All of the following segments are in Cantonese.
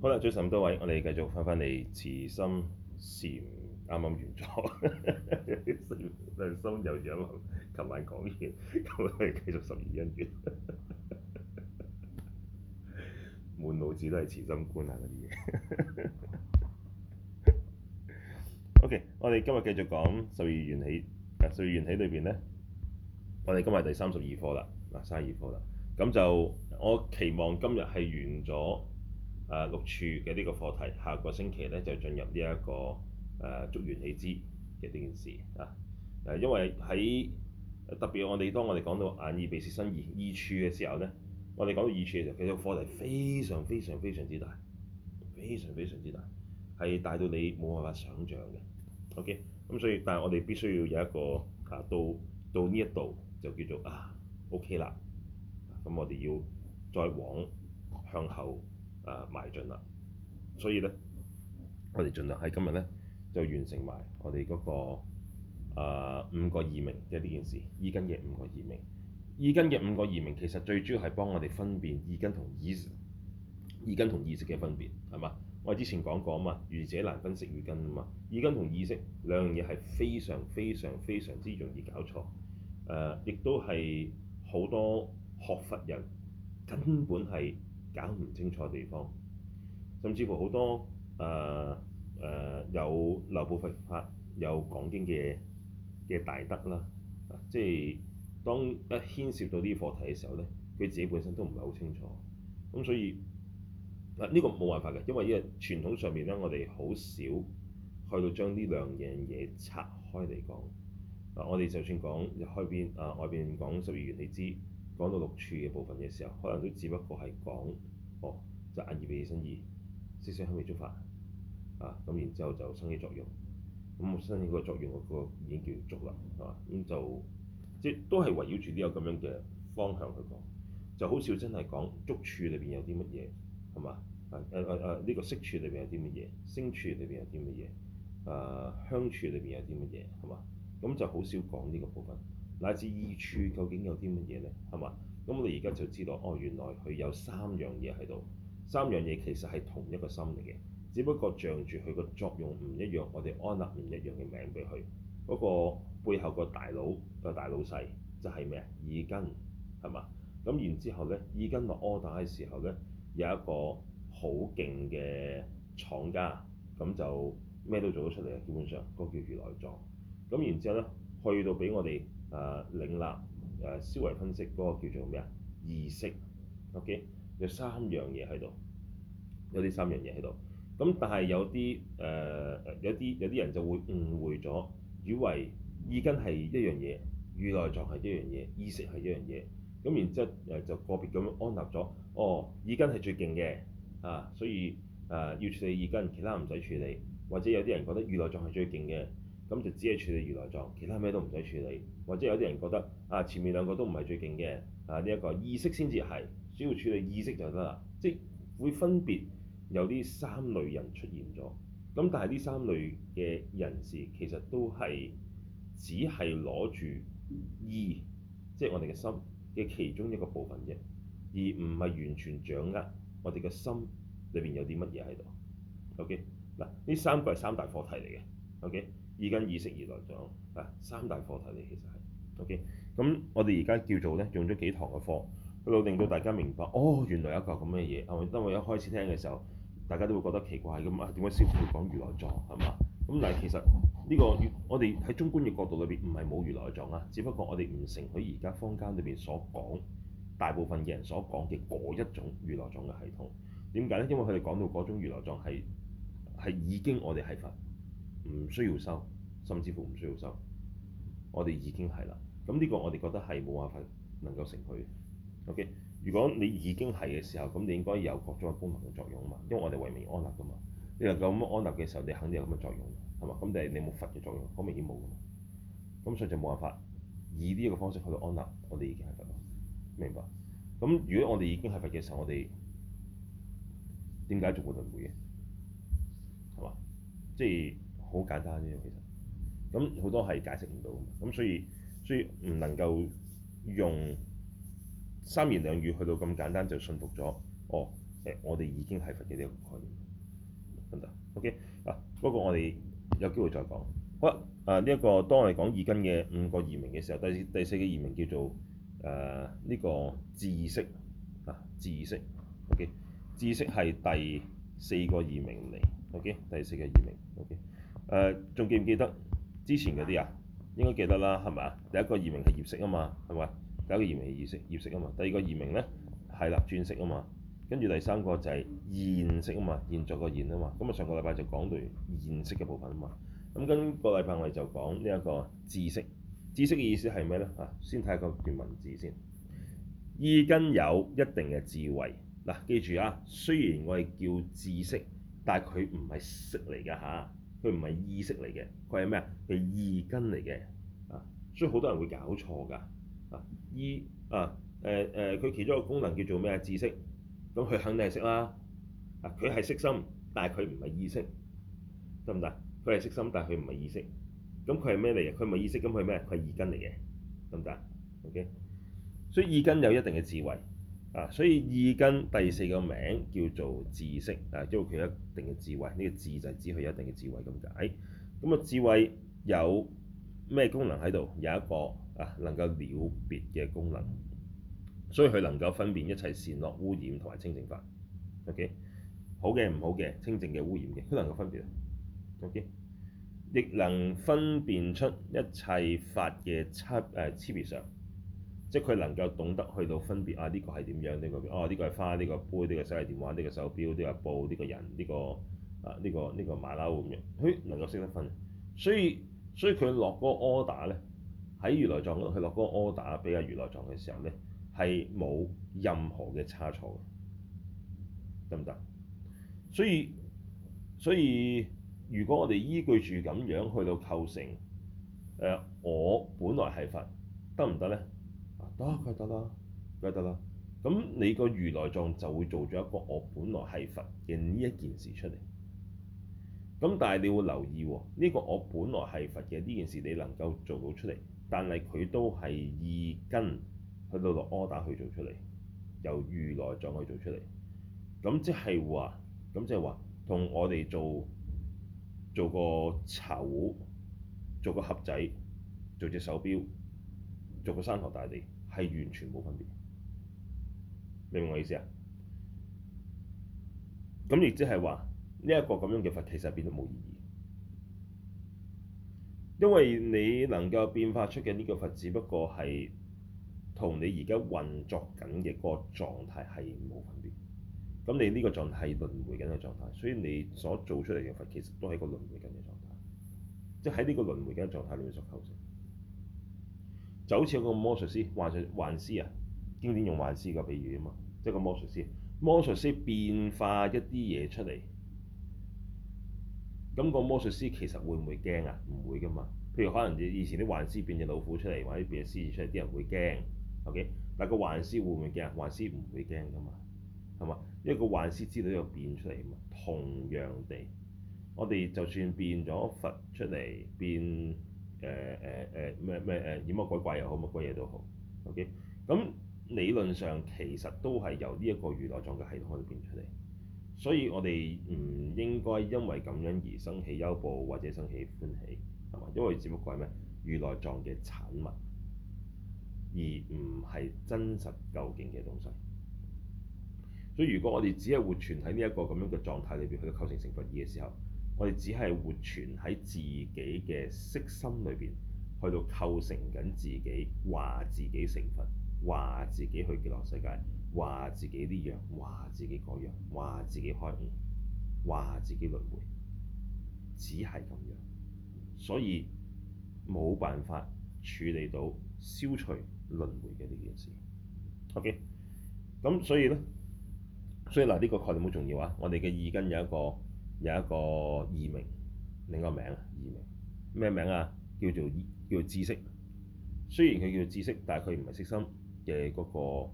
好啦，早晨咁多位，我哋繼續翻翻嚟慈心禪啱啱完咗，良 心又上路，琴晚講完，我哋繼續十二因緣，滿 腦子都係慈心觀啊嗰啲嘢。 OK，我哋今日繼續講十二緣起，十二緣起裏邊咧，我哋今日第三十二課啦，嗱卅二課啦，咁就我期望今日係完咗。誒、啊、六處嘅呢個課題，下個星期咧就進入呢、這、一個誒觸緣起支嘅呢件事啊。誒，因為喺特別我哋當我哋講到眼耳鼻舌身意意處嘅時候咧，我哋講到意處嘅時候，其實課題非常非常非常之大，非常非常之大，係大到你冇辦法想象嘅。OK，咁所以但係我哋必須要有一個啊，到到呢一度就叫做啊 OK 啦。咁我哋要再往向後，誒、啊、埋盡啦，所以咧，我哋盡量喺今日咧就完成埋我哋嗰、那個誒、呃、五個異名嘅呢件事，意根嘅五個異名。意根嘅五個異名其實最主要係幫我哋分辨意根同意意根同意識嘅分別，係嘛？我哋之前講過啊嘛，愚者難分識與根啊嘛，意根同意識兩樣嘢係非常非常非常之容易搞錯，誒、呃，亦都係好多學佛人根本係。搞唔清楚地方，甚至乎好多誒誒、呃呃、有流布佛法、有講經嘅嘅大德啦、啊，即係當一牽涉到呢個課題嘅時候咧，佢自己本身都唔係好清楚，咁所以嗱呢、啊呢個冇辦法嘅，因為傳統上面咧，我哋好少去到將呢兩樣嘢拆開嚟講，嗱、啊、我哋就算講外邊啊，外邊講十二緣起。講到六處嘅部分嘅時候，可能都只不過係講，哦，即係眼耳鼻舌身意，色聲香味觸法，啊，咁然之後就生起作用。咁、嗯、生起個作用，個、那個已經叫觸啦，係、啊、嘛？咁、嗯、就即係都係圍繞住呢個咁樣嘅方向去講，就好少真係講觸處裏邊有啲乜嘢，係嘛？誒誒誒，呢、啊啊這個色處裏邊有啲乜嘢，聲處裏邊有啲乜嘢，誒、啊，香處裏邊有啲乜嘢，係嘛？咁就好少講呢個部分。乃至耳處究竟有啲乜嘢呢？係嘛？咁我哋而家就知道，哦，原來佢有三樣嘢喺度，三樣嘢其實係同一個心嚟嘅，只不過像住佢個作用唔一樣，我哋安立唔一樣嘅名俾佢。嗰個背後個大佬個大老細就係咩，耳根，係嘛？咁然之後呢，耳根落 order 嘅時候呢，有一個好勁嘅廠家，咁就咩都做得出嚟，基本上嗰個叫如來藏。咁然之後呢，去到俾我哋。誒、呃、領立誒思維分析嗰個叫做咩啊意識，OK 有三樣嘢喺度，有啲三樣嘢喺度。咁但係有啲誒、呃、有啲有啲人就會誤會咗，以為意根係一樣嘢，與內臟係一樣嘢，意識係一樣嘢。咁然之後誒就個別咁安立咗，哦意根係最勁嘅啊，所以誒、呃、要處理意根，其他唔使處理。或者有啲人覺得與內臟係最勁嘅。咁就只係處理如來藏，其他咩都唔使處理。或者有啲人覺得啊，前面兩個都唔係最勁嘅啊，呢一個意識先至係，只要處理意識就得啦。即會分別有呢三類人出現咗。咁但係呢三類嘅人士其實都係只係攞住意，即係我哋嘅心嘅其中一個部分啫，而唔係完全掌握我哋嘅心裏邊有啲乜嘢喺度。OK 嗱，呢三個係三大課題嚟嘅。OK。意根、意識、如來藏啊，三大課題嚟。其實係，OK，咁我哋而家叫做咧用咗幾堂嘅課去到令到大家明白，哦原來有一個咁嘅嘢，因為一開始聽嘅時候，大家都會覺得奇怪咁啊，點解師傅會講如來藏係嘛？咁但係其實呢、這個我哋喺中觀嘅角度裏邊唔係冇如來藏啊，只不過我哋唔承許而家坊間裏邊所講，大部分嘅人所講嘅嗰一種如來藏嘅系統，點解咧？因為佢哋講到嗰種如來藏係係已經我哋係佛。唔需要修，甚至乎唔需要修，我哋已經係啦。咁、這、呢個我哋覺得係冇辦法能夠成佢。O、okay? K，如果你已經係嘅時候，咁你應該有各種嘅功能嘅作用啊嘛。因為我哋唯名安立噶嘛，你能夠咁安立嘅時候，你肯定有咁嘅作用，係嘛？咁但係你冇佛嘅作用，好明顯冇噶嘛。咁所以就冇辦法以呢一個方式去到安立。我哋已經係得啦，明白？咁如果我哋已經係佛嘅時候，我哋點解仲會輪迴啊？係嘛？即係。好簡單啫，其實咁好多係解釋唔到咁，所以所以唔能夠用三言兩語去到咁簡單就信服咗。哦，誒，我哋已經係佛嘅呢、okay? 那個概念，得唔得？OK 嗱，不過我哋有機會再講好啦。啊、呃，呢、這、一個當我哋講意根嘅五個異名嘅時候，第第四個異名叫做誒呢、呃這個智識啊，智識 OK，智識係第四個異名嚟 OK，第四個異名 OK。仲、呃、記唔記得之前嗰啲啊？應該記得啦，係咪啊？第一個異名係業識啊嘛，係咪？第一個異名係業識，業識啊嘛。第二個異名呢，係啦，轉識啊嘛。跟住第三個就係現識啊嘛，現在個現啊嘛。咁啊，上個禮拜就講到現識嘅部分啊嘛。咁跟個禮拜我哋就講呢一個智識，智識嘅意思係咩呢？嚇、啊，先睇個段文字先。意根有一定嘅智慧嗱、啊，記住啊，雖然我係叫智識，但係佢唔係識嚟㗎嚇。啊。佢唔係意識嚟嘅，佢係咩啊？佢係意根嚟嘅啊，所以好多人會搞錯㗎啊，意啊誒誒，佢、呃呃、其中一個功能叫做咩啊？智識。咁，佢肯定係識啦啊，佢係識心，但係佢唔係意識，得唔得？佢係識心，但係佢唔係意識，咁佢係咩嚟嘅？佢唔係意識，咁佢係咩？佢係意根嚟嘅，得唔得？OK，所以意根有一定嘅智慧。啊，所以意根第四個名叫做智識，啊，因為佢有一定嘅智慧，呢、這個智就係指佢有一定嘅智慧咁解。咁啊，智慧有咩功能喺度？有一個啊，能夠了別嘅功能，所以佢能夠分辨一切善惡污染同埋清淨法。OK，好嘅唔好嘅，清淨嘅污染嘅，都能夠分別。OK，亦能分辨出一切法嘅差誒差別、呃、相。即係佢能夠懂得去到分別啊！呢個係點樣？啊呢個哦，呢個係花，呢個杯，呢個手提電話，呢個手錶，呢個布，呢個人，呢個啊，呢個呢個馬騮咁樣。佢能夠識得分，所以所以佢落嗰個 order 咧，喺如來藏去落嗰個 order 俾阿如來藏嘅時候咧，係冇任何嘅差錯嘅，得唔得？所以所以，所以如果我哋依據住咁樣去到構成誒、呃，我本來係佛得唔得咧？得，佢得啦，佢得啦。咁你個如來藏就會做咗一個我本來係佛嘅呢一件事出嚟。咁但係你會留意喎、哦，呢、呢個我本來係佛嘅呢件事，你能夠做到出嚟，但係佢都係意根去到落柯打去做出嚟，由如來藏去做出嚟。咁即係話，咁即係話，同我哋做做個茶壺，做個盒仔，做隻手錶，做個山河大地。係完全冇分別，明唔明我意思啊？咁亦即係話呢一個咁樣嘅佛，其實變得冇意義，因為你能夠變化出嘅呢個佛，只不過係同你而家運作緊嘅個狀態係冇分別。咁你呢個狀態係輪迴緊嘅狀態，所以你所做出嚟嘅佛，其實都係一個輪迴緊嘅狀態，即係喺呢個輪迴緊嘅狀態裏面所構成。就好似一個魔術師幻術，幻師啊，經典用幻師個比喻啊嘛，即係個魔術師，魔術師變化一啲嘢出嚟，咁個魔術師其實會唔會驚啊？唔會噶嘛。譬如可能以前啲幻師變隻老虎出嚟，或者變隻獅子出嚟，啲人會驚。OK，但個幻師會唔會驚？幻師唔會驚噶嘛，係嘛？因為個幻師知道又變出嚟嘛，同樣地，我哋就算變咗佛出嚟，變。誒誒誒咩咩誒妖魔鬼怪又好乜鬼嘢都好，OK，咁理論上其實都係由呢一個如來藏嘅系統開始變出嚟，所以我哋唔應該因為咁樣而生起憂怖或者生起歡喜，係嘛？因為只不過係咩？如來藏嘅產物，而唔係真實究竟嘅東西。所以如果我哋只係活存喺呢一個咁樣嘅狀態裏邊去到構成成佛意嘅時候，我哋只係活存喺自己嘅色心裏邊，去到構成緊自己，話自己成佛，話自己去極樂世界，話自己呢樣，話自己嗰樣，話自己開悟，話自己輪迴，只係咁樣，所以冇辦法處理到消除輪迴嘅呢件事。OK，咁所以呢，所以嗱呢個概念好重要啊！我哋嘅意根有一個。有一個異名，另一個名啊，異名咩名啊？叫做叫做智識。雖然佢叫做智識，但係佢唔係色心嘅嗰個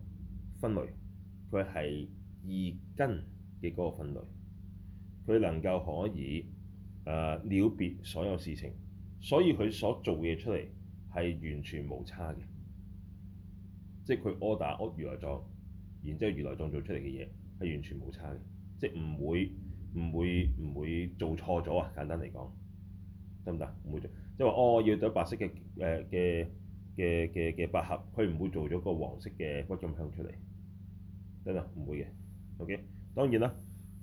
分類，佢係意根嘅嗰個分類。佢能夠可以誒、呃、了別所有事情，所以佢所做嘢出嚟係完全冇差嘅，即係佢屙大屙如來藏，然之後如來藏做出嚟嘅嘢係完全冇差嘅，即係唔會。唔會唔會做錯咗啊！簡單嚟講，得唔得？唔會做，即係話哦，要朵白色嘅誒嘅嘅嘅嘅百合，佢、呃、唔會做咗個黃色嘅鬱金香出嚟，得唔得？唔會嘅。OK，當然啦，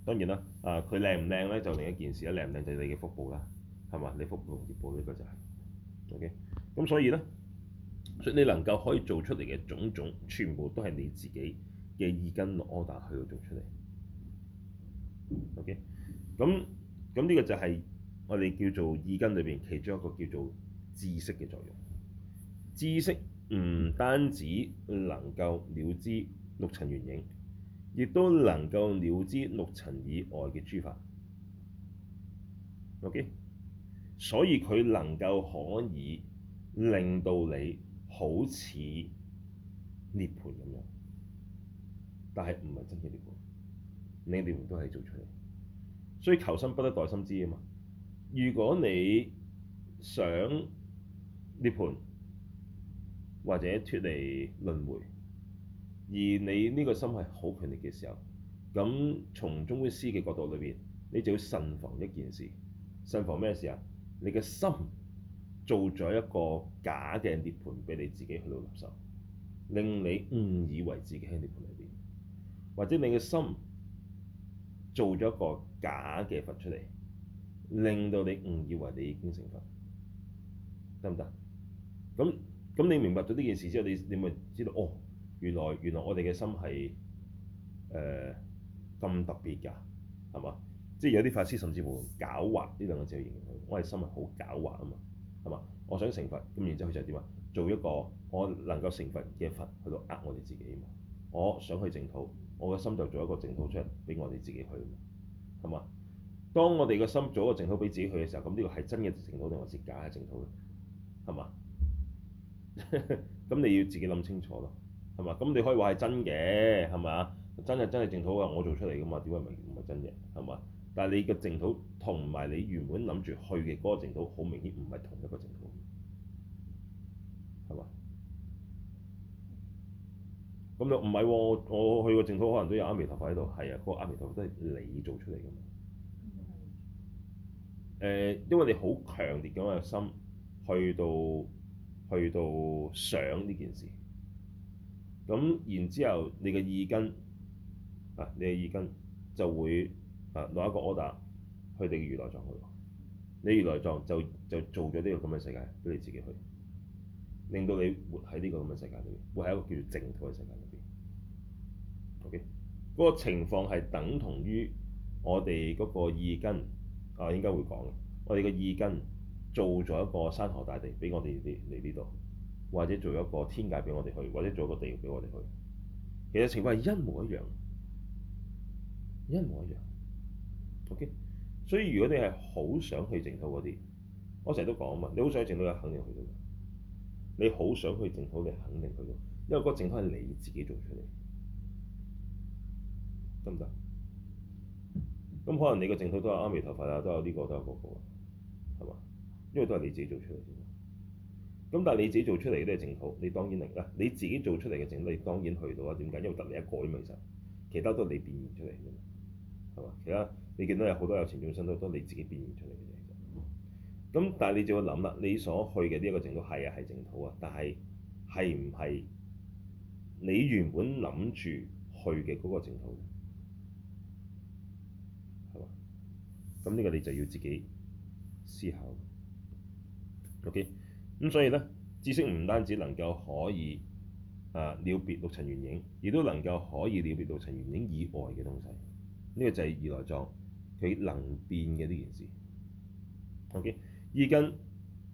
當然啦，啊，佢靚唔靚咧就另一件事啦，靚唔靚就係你嘅腹部啦，係嘛？你腹部同腰部呢個就係 OK，咁所以咧，所以你能夠可以做出嚟嘅種種，全部都係你自己嘅意根落 order 去到做出嚟。O.K. 咁咁，呢個就係我哋叫做意根裏邊其中一個叫做智識嘅作用。智識唔單止能夠了知六塵緣影，亦都能夠了知六塵以外嘅諸法。O.K. 所以佢能夠可以令到你好似涅槃咁樣，但係唔係真係涅槃。你哋都係做出嚟，所以求心不得代心知啊嘛。如果你想涅槃或者脫離輪迴，而你呢個心係好強烈嘅時候，咁從中觀師嘅角度裏邊，你就要慎防一件事：慎防咩事啊？你嘅心做咗一個假嘅涅槃俾你自己去到立收，令你誤以為自己喺涅槃裏邊，或者你嘅心。做咗個假嘅佛出嚟，令到你誤以為你已經成佛，得唔得？咁咁你明白咗呢件事之後，你你咪知道哦，原來原來我哋嘅心係誒咁特別㗎，係嘛？即係有啲法師甚至乎狡猾呢兩個字形容佢，我係心係好狡猾啊嘛，係嘛？我想成佛，咁然之後就點啊？做一個我能夠成佛嘅佛去到呃我哋自己啊嘛，我想去淨土。我個心就做一個淨土出嚟，俾我哋自己去，係嘛？當我哋個心做一個淨土俾自己去嘅時候，咁呢個係真嘅淨土定還是假嘅淨土咧？係嘛？咁 你要自己諗清楚咯，係嘛？咁你可以話係真嘅，係咪啊？真係真係淨土嘅，我做出嚟噶嘛？點解唔唔係真嘅？係嘛？但係你嘅淨土同埋你原本諗住去嘅嗰個淨土，好明顯唔係同一個淨土，係嘛？咁又唔係喎，我去過淨土，可能都有阿彌陀佛喺度。係啊，嗰、那個阿彌陀佛都係你做出嚟㗎嘛。誒、嗯，因為你好強烈咁嘅心去到去到想呢件事，咁然之後你嘅意根啊，你嘅意根就會啊落一個 order 去你嘅如來藏嗰度。你如來藏就就做咗呢個咁嘅世界俾你自己去，令到你活喺呢個咁嘅世界裏面，會係一個叫做淨土嘅世界裏面。嗰個情況係等同於我哋嗰個意根啊，應該會講嘅。我哋個意根做咗一個山河大地俾我哋嚟嚟呢度，或者做一個天界俾我哋去，或者做一個地獄俾我哋去。其實情況係一模一樣，一模一樣。OK，所以如果你係好想去淨土嗰啲，我成日都講啊嘛，你好想去淨土嘅肯定去到，你好想去淨土嘅肯定去到，因為嗰淨土係你自己做出嚟。得唔得？咁可能你個淨土都有阿彌陀佛啊，都有呢、這個，都有嗰、那個，係嘛？因為都係你自己做出嚟㗎。咁但係你自己做出嚟嘅都係淨土，你當然嚟啦。你自己做出嚟嘅淨土，你當然去到啦。點解？因為得你一個啫嘛，其實其他都係你變現出嚟㗎嘛，係嘛？其他你見到有好多有情眾生都都係你自己變現出嚟嘅啫。咁但係你就要諗啦，你所去嘅呢一個淨土係啊係淨土啊，土但係係唔係你原本諗住去嘅嗰個淨土？咁呢個你就要自己思考。OK，咁所以咧，智識唔單止能夠可以啊、呃、了別六塵緣影，亦都能夠可以了別六塵緣影以外嘅東西。呢、這個就係如來藏佢能變嘅呢件事。OK，意根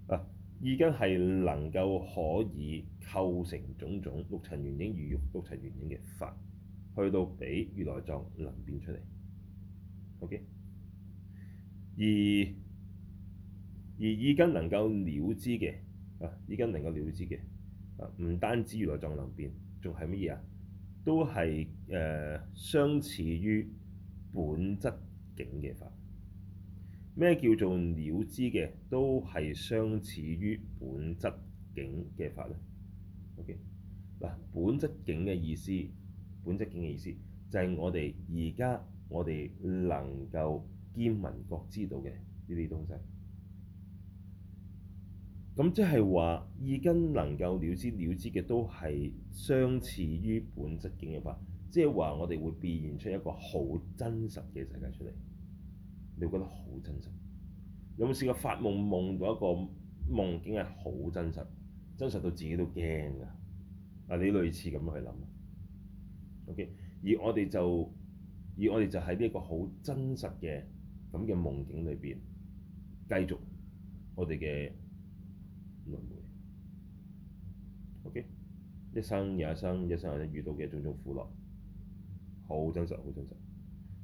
啊，意根係能夠可以構成種種六塵緣影如六塵緣影嘅法，去到俾如來藏能變出嚟。OK。而而依家能夠了知嘅啊，依家能夠了知嘅啊，唔單止如來藏能變，仲係乜嘢啊？都係誒、呃、相似於本質境嘅法。咩叫做了知嘅？都係相似於本質境嘅法咧。OK，嗱，本質境嘅意思，本質境嘅意思就係我哋而家我哋能夠。見民國知道嘅呢啲東西，咁即係話，已經能夠了知、了知嘅，都係相似於本質境嘅法，即係話我哋會變現出一個好真實嘅世界出嚟，你會覺得好真實。有冇試過發夢，夢到一個夢境係好真實，真實到自己都驚㗎？啊，你類似咁去諗，OK？而我哋就而我哋就喺呢一個好真實嘅。咁嘅夢境裏邊，繼續我哋嘅輪迴。OK，一生又一生，一生又一生遇到嘅種種苦樂，好真實，好真實。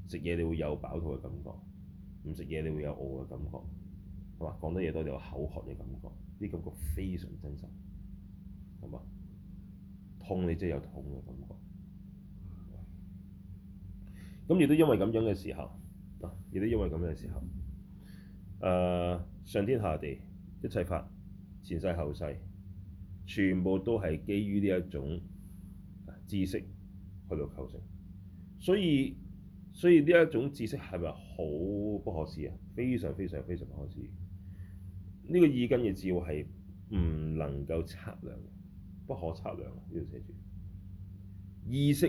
食嘢你會有飽肚嘅感覺，唔食嘢你會有餓嘅感覺，係嘛？講得嘢多就有口渴嘅感覺，呢感覺非常真實，係嘛？痛你真係有痛嘅感覺。咁亦都因為咁樣嘅時候。亦都因為咁樣嘅時候，誒、呃、上天下地一切法，前世後世，全部都係基於呢一種知識去到構成，所以所以呢一種知識係咪好不可思啊？非常非常非常不可思。呢、這個意根嘅智慧係唔能夠測量，不可測量。呢度寫住意識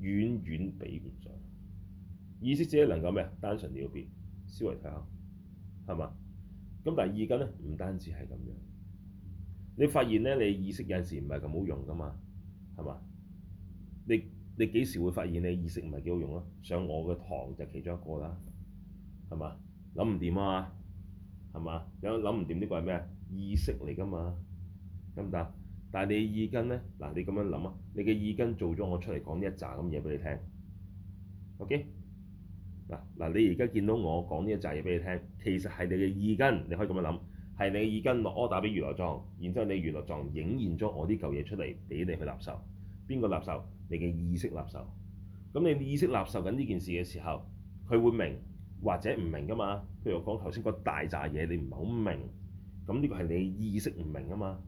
遠遠比唔上。意識只係能夠咩啊？單純了別，思維睇下係嘛？咁但係意根咧，唔單止係咁樣。你發現咧，你意識有陣時唔係咁好用噶嘛？係嘛？你你幾時會發現你意識唔係幾好用啊？上我嘅堂就其中一個啦，係嘛？諗唔掂啊？係嘛？有諗唔掂呢個係咩意識嚟噶嘛？得唔得？但係你意根咧嗱，你咁樣諗啊，你嘅意根做咗我出嚟講呢一紮咁嘢俾你聽，OK？嗱嗱，你而家見到我講呢一紮嘢俾你聽，其實係你嘅意根，你可以咁樣諗，係你嘅意根落柯打俾如來藏，然之後你如來藏影現咗我啲舊嘢出嚟俾你去納受，邊個納受？你嘅意識納受。咁你意識納受緊呢件事嘅時候，佢會明或者唔明噶嘛？譬如我講頭先個大扎嘢，你唔係好明，咁呢個係你意識唔明啊嘛，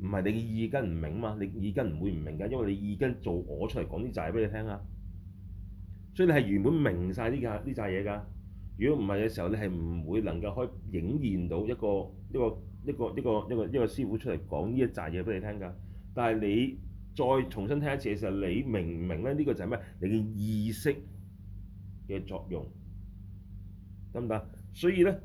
唔係你嘅意根唔明啊嘛，你意根唔會唔明噶，因為你意根做我出嚟講啲嘢俾你聽啊。所以你係原本明晒呢架呢扎嘢噶，如果唔係嘅時候，你係唔會能夠可以影現到一個一個一個一個一個一個師傅出嚟講呢一紮嘢俾你聽噶。但係你再重新聽一次嘅時候，你明唔明咧？呢個就係咩？你嘅意識嘅作用得唔得？所以咧，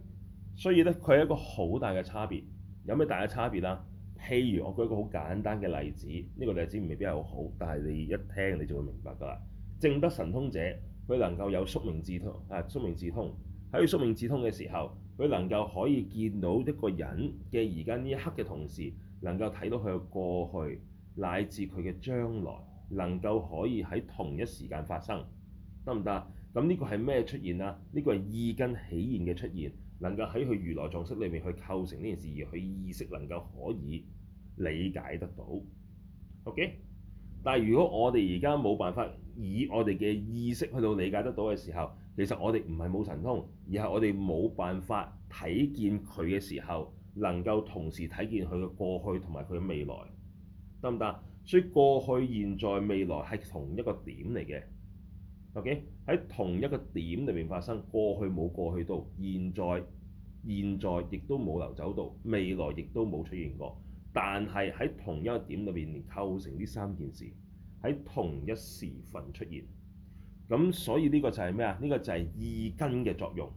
所以咧，佢係一個好大嘅差別。有咩大嘅差別啊？譬如我舉一個好簡單嘅例子，呢個例子未必係好，但係你一聽你就會明白㗎啦。正德神通者，佢能夠有宿命智通啊！宿命智通喺宿命智通嘅時候，佢能夠可以見到一個人嘅而家呢一刻嘅同時，能夠睇到佢嘅過去乃至佢嘅將來，能夠可以喺同一時間發生，得唔得？咁呢個係咩出現啊？呢個係意根起現嘅出現，能夠喺佢如來藏識裏面去構成呢件事，而佢意識能夠可以理解得到。OK。但係如果我哋而家冇辦法以我哋嘅意識去到理解得到嘅時候，其實我哋唔係冇神通，而係我哋冇辦法睇見佢嘅時候，能夠同時睇見佢嘅過去同埋佢嘅未來，得唔得？所以過去、現在、未來係同一個點嚟嘅，OK？喺同一個點裏面發生，過去冇過去到，現在現在亦都冇流走到，未來亦都冇出現過。但係喺同一個點裏邊，構成呢三件事喺同一時份出現，咁所以呢個就係咩啊？呢個就係意根嘅作用。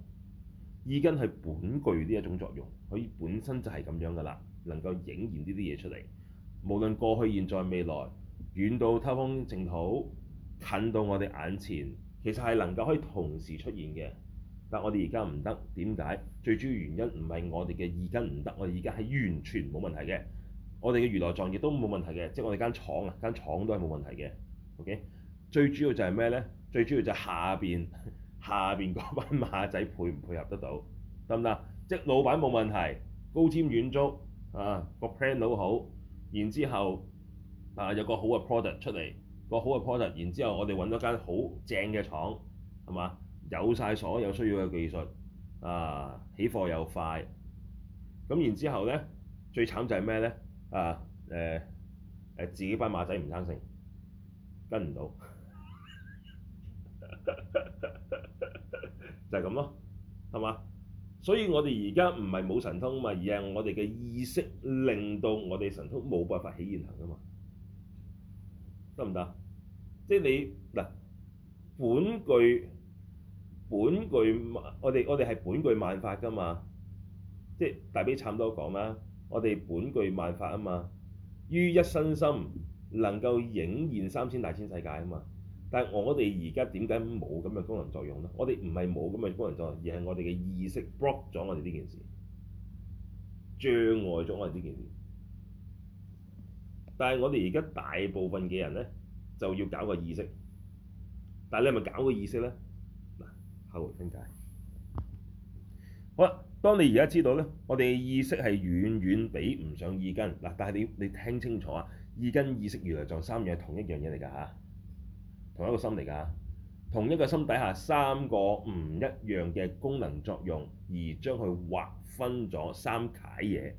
意根係本具呢一種作用，佢本身就係咁樣噶啦，能夠影現呢啲嘢出嚟。無論過去、現在、未來，遠到偷風淨土，近到我哋眼前，其實係能夠可以同時出現嘅。但我哋而家唔得，點解？最主要原因唔係我哋嘅意根唔得，我哋而家係完全冇問題嘅。我哋嘅如來藏亦都冇問題嘅，即係我哋間廠啊，間廠都係冇問題嘅。OK，最主要就係咩呢？最主要就係下邊，下邊嗰班馬仔配唔配合得到，得唔得？即老闆冇問題，高瞻遠矚啊，個 plan 好，然之後啊有個好嘅 product 出嚟，個好嘅 product，然之後我哋揾咗間好正嘅廠係嘛，有晒所有有需要嘅技術啊，起貨又快。咁然之後呢，最慘就係咩呢？啊！誒、呃、誒，自己班馬仔唔生性，跟唔到， 就係咁咯，係嘛？所以我哋而家唔係冇神通嘛，而係我哋嘅意識令到我哋神通冇辦法起現行啊嘛，得唔得？即係你嗱，本具本具我哋我哋係本具萬法噶嘛，即係大髀差唔多講啦。我哋本具萬法啊嘛，於一身心能夠影現三千大千世界啊嘛。但係我哋而家點解冇咁嘅功能作用呢？我哋唔係冇咁嘅功能作用，而係我哋嘅意識 block 咗我哋呢件事，障礙咗我哋呢件事。但係我哋而家大部分嘅人咧，就要搞個意識。但係你係咪搞個意識咧？嗱，下回分解。好啊。好。當你而家知道呢，我哋意識係遠遠比唔上意根嗱，但係你你聽清楚啊，意根、意識、如來藏三樣同一樣嘢嚟㗎嚇，同一個心嚟㗎，同一個心底下三個唔一樣嘅功能作用，而將佢劃分咗三楷嘢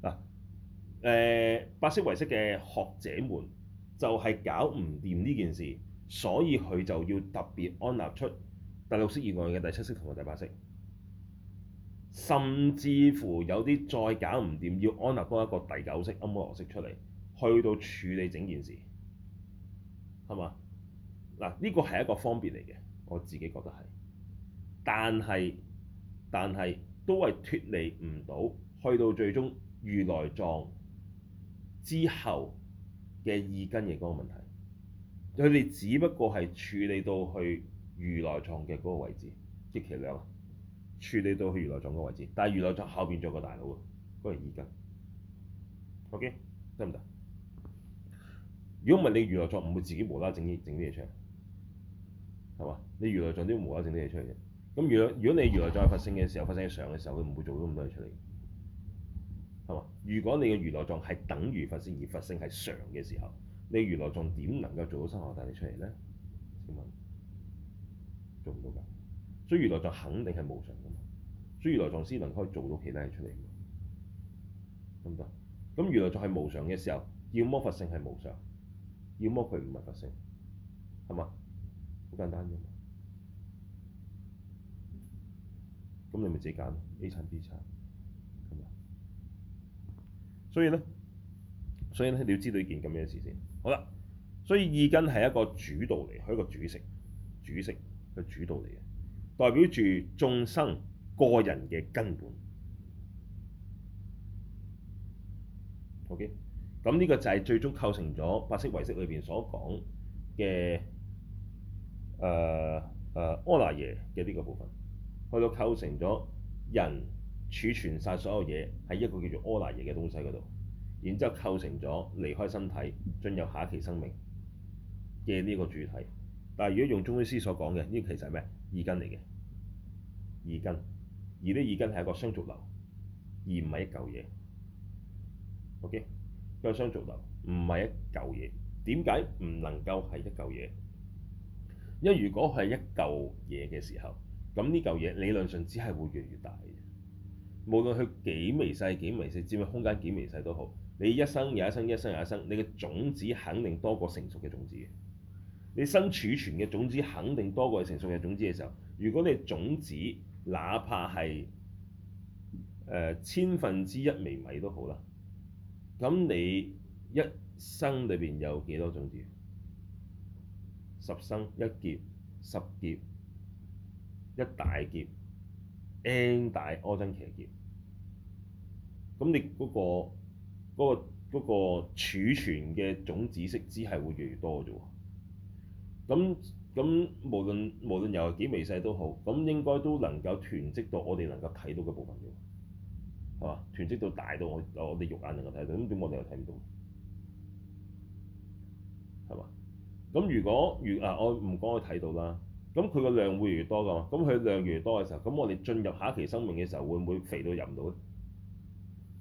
嗱，誒、呃、白色為色嘅學者們就係搞唔掂呢件事，所以佢就要特別安立出第六識以外嘅第七識同埋第八識。甚至乎有啲再搞唔掂，要安立多一個第九識、菴摩羅識出嚟，去到處理整件事，係嘛？嗱，呢個係一個方便嚟嘅，我自己覺得係，但係，但係都係脫離唔到，去到最終如來藏之後嘅意根嘅嗰個問題。佢哋只不過係處理到去如來藏嘅嗰個位置，極其量。處理到去如來藏個位置，但係如來藏後邊仲有個大佬啊，嗰條意根。OK，得唔得？如果唔係你如來藏唔會自己無啦整啲整啲嘢出嚟，係嘛？你如來藏都無啦整啲嘢出嚟嘅。咁如果如果你如來藏係佛性嘅時候，佛性上嘅時候，佢唔會做到咁多嘢出嚟，係嘛？如果你嘅如來藏係等於佛性而佛性係常嘅時候，你如來藏點能夠做到生我帶你出嚟咧？請問做唔到㗎？所以如來藏肯定係無常噶嘛，所以如來藏先能可以做到其他嘢出嚟，得唔得？咁如來藏係無常嘅時候，要麼佛性係無常，要麼佢唔係佛性，係嘛？好簡單啫嘛。咁你咪自己揀咯，A 餐 B 餐咁啊。所以咧，所以咧，你要知道一件咁樣嘅事先。好啦，所以意根係一個主導嚟，係一個主識，主識，嘅主導嚟。代表住眾生個人嘅根本，OK，咁呢個就係最終構成咗八識唯識裏邊所講嘅誒誒阿賴耶嘅呢個部分，去到構成咗人儲存晒所有嘢喺一個叫做阿賴耶嘅東西嗰度，然之後構成咗離開身體進入下一期生命嘅呢個主體。但係，如果用中醫師所講嘅，呢個其實係咩？意根嚟嘅，意根，而呢意根係一個相續流，而唔係一嚿嘢。OK，因為相續流唔係一嚿嘢，點解唔能夠係一嚿嘢？因為如果係一嚿嘢嘅時候，咁呢嚿嘢理論上只係會越嚟越大嘅。無論佢幾微細、幾微細，佔嘅空間幾微細都好，你一生有一生，一生有一生，一生，你嘅種子肯定多過成熟嘅種子嘅。你新儲存嘅種子肯定多過你成熟嘅種子嘅時候。如果你種子哪怕係誒、呃、千分之一微米都好啦，咁你一生裏邊有幾多種子？十生一劫，十劫一大劫，n 大阿僧祇劫。咁你嗰個嗰個嗰個儲存嘅種子息枝係會越嚟越多啫喎。咁咁無論無論又係幾微細都好，咁應該都能夠囤積到我哋能夠睇到嘅部分嘅，係嘛？囤積到大到我我哋肉眼能夠睇到，咁點我哋又睇唔到？係嘛？咁如果越啊，我唔講我睇到啦，咁佢個量會越多㗎嘛。咁佢量越多嘅時候，咁我哋進入下一期生命嘅時候，會唔會肥到入唔到咧？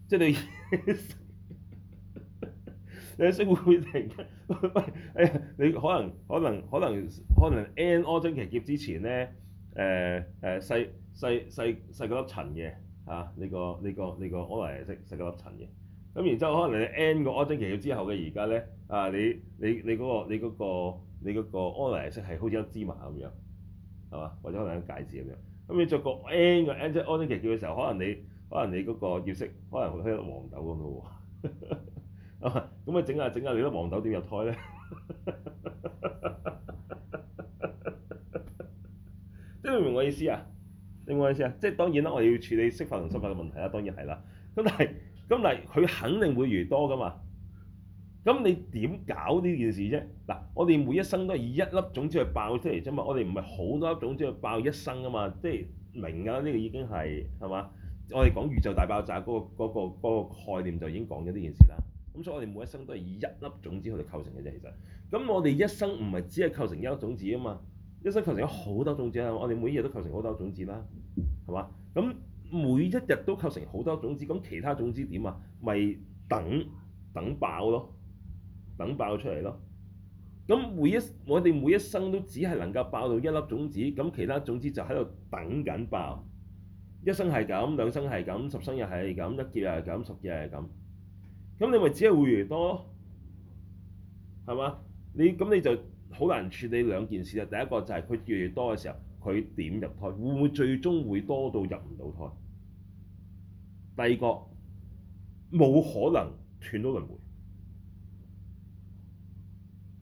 即係你。 你先會突然間，唔 你可能可能可能可能 N 阿僧祇劫之前咧，誒、呃、誒、呃、細細細細個粒塵嘅嚇，呢、啊、個呢個呢個安顏色細個粒塵嘅。咁然之後可能你 N 個阿僧祇劫之後嘅而家咧，啊你你你嗰、那個你嗰、那個你嗰個安顏色係好似粒芝麻咁樣，係嘛？或者可能粒芥子咁樣。咁你著個 N 個 N 即係阿僧祇劫嘅時候，可能你可能你嗰個業色可能開粒黃豆咁嘅喎。哈哈咁咪整下整下，你粒黃豆點入胎咧？ 你明唔明我意思啊？明唔明我意思啊？即係當然啦，我哋要處理釋放同吸收嘅問題啦，當然係啦。咁但係，咁但係佢肯定會越多噶嘛？咁你點搞呢件事啫？嗱，我哋每一生都係以一粒種子去爆出嚟啫嘛，我哋唔係好多粒種子去爆一生噶嘛，即係明噶啦，呢、這個已經係係嘛？我哋講宇宙大爆炸嗰、那個嗰、那個那個、概念就已經講咗呢件事啦。咁所以我哋每一生都係以一粒種子去嚟構成嘅啫，其實。咁我哋一生唔係只係構成一粒種子啊嘛，一生構成咗好多種子啊！我哋每日都構成好多種子啦，係嘛？咁每一日都構成好多種子，咁其他種子點啊？咪等等爆咯，等爆出嚟咯。咁每一我哋每一生都只係能夠爆到一粒種子，咁其他種子就喺度等緊爆。一生係咁，兩生係咁，十生又係咁，一劫又係咁，十劫係咁。咁你咪只係會越嚟多，係嘛？你咁你就好難處理兩件事啦。第一個就係佢越嚟越多嘅時候，佢點入胎？會唔會最終會多到入唔到胎？第二個冇可能斷到輪迴，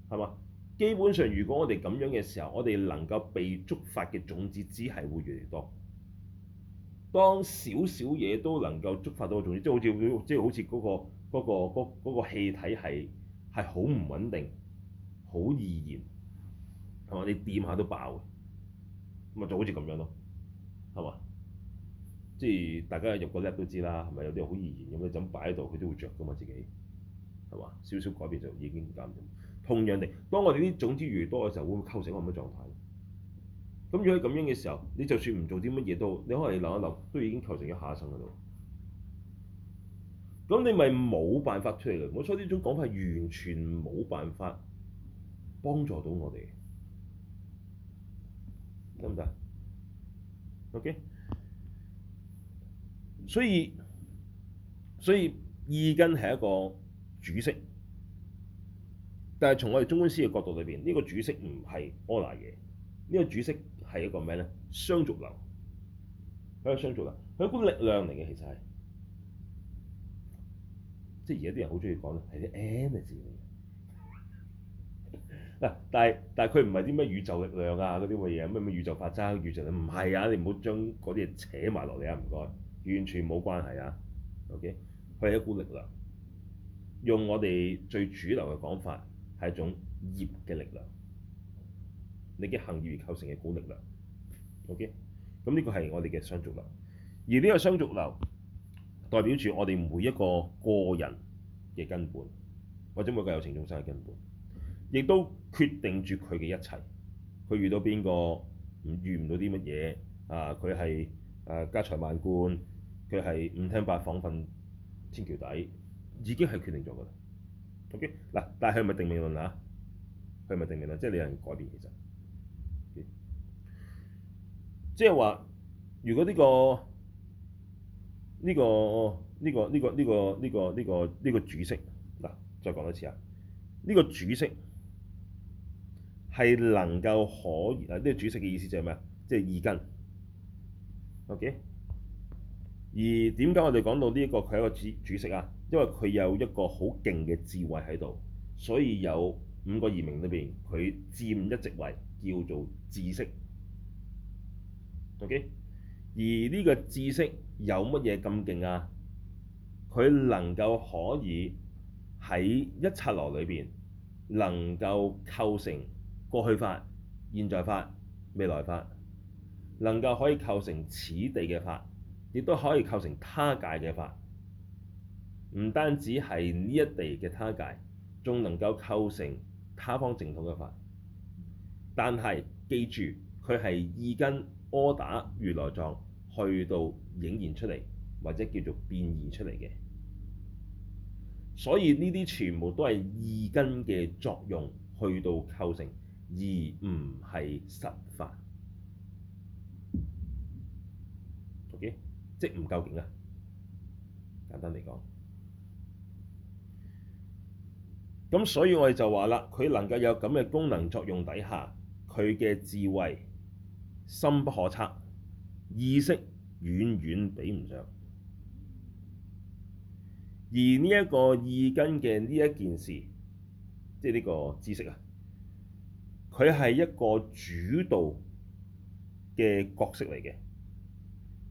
係嘛？基本上，如果我哋咁樣嘅時候，我哋能夠被觸發嘅種子只係會越嚟越多。當少少嘢都能夠觸發到個種子，即係好似即係好似嗰個。嗰個嗰嗰個氣體係係好唔穩定，好易燃，係嘛？你掂下都爆咁，咪就好似咁樣咯，係嘛？即係大家入個 lab 都知啦，係咪有啲好易燃咁咧？就咁擺喺度，佢都會着噶嘛自己，係嘛？少少改變就已經唔同。同樣地，當我哋啲種子越多嘅時候，會唔會構成咁嘅狀態咧？咁如果咁樣嘅時候，你就算唔做啲乜嘢都，你可能諗一諗，都已經構成咗下一生嘅咯。咁你咪冇辦法出嚟咯，所以呢種講法係完全冇辦法幫助到我哋，得唔得？OK，所以所以意根係一個主識，但係從我哋中觀師嘅角度裏邊，呢、這個主識唔係柯拿嘢，呢、這個主識係一個咩咧？雙續流，係一個雙續流，係一股力量嚟嘅，其實係。即係而家啲人好中意講係啲 energy 嗱，但係但係佢唔係啲咩宇宙力量啊嗰啲咁嘅嘢，咩咩宇宙法則、宇宙……唔係啊！你唔好將嗰啲嘢扯埋落嚟啊！唔該，完全冇關係啊。OK，佢係一股力量，用我哋最主流嘅講法係一種業嘅力量，你嘅行為構成嘅股力量。OK，咁呢個係我哋嘅相續流，而呢個相續流，代表住我哋每一個個人嘅根本，或者每個有情眾生嘅根本，亦都決定住佢嘅一切。佢遇到邊個唔遇唔到啲乜嘢啊？佢係誒家財萬貫，佢係五廳八房瞓天橋底，已經係決定咗噶啦。OK 嗱，但係係咪定命論啊？佢係咪定命論？即係你係唔改變其實，okay? 即係話如果呢、這個。呢、這個呢、這個呢、這個呢、這個呢、這個呢、這個呢、這個主識嗱，再講多次啊！呢、這個主識係能夠可啊，呢、這個主識嘅意思就係咩啊？即、就、係、是、意根，ok 而、這個。而點解我哋講到呢一個佢係一個主主識啊？因為佢有一個好勁嘅智慧喺度，所以有五個異名裏邊，佢佔一席位，叫做智識 ok 而呢個智識。有乜嘢咁勁啊？佢能夠可以喺一剎羅裏邊能夠構成過去法、現在法、未來法，能夠可以構成此地嘅法，亦都可以構成他界嘅法。唔單止係呢一地嘅他界，仲能夠構成他方淨土嘅法。但係記住，佢係意根柯打如來藏去到。顯現出嚟，或者叫做變現出嚟嘅，所以呢啲全部都係意根嘅作用去到構成，而唔係實法。OK，即唔究竟啊！簡單嚟講，咁所以我哋就話啦，佢能夠有咁嘅功能作用底下，佢嘅智慧深不可測，意識，遠遠比唔上，而呢一個意根嘅呢一件事，即係呢個智識啊，佢係一個主導嘅角色嚟嘅。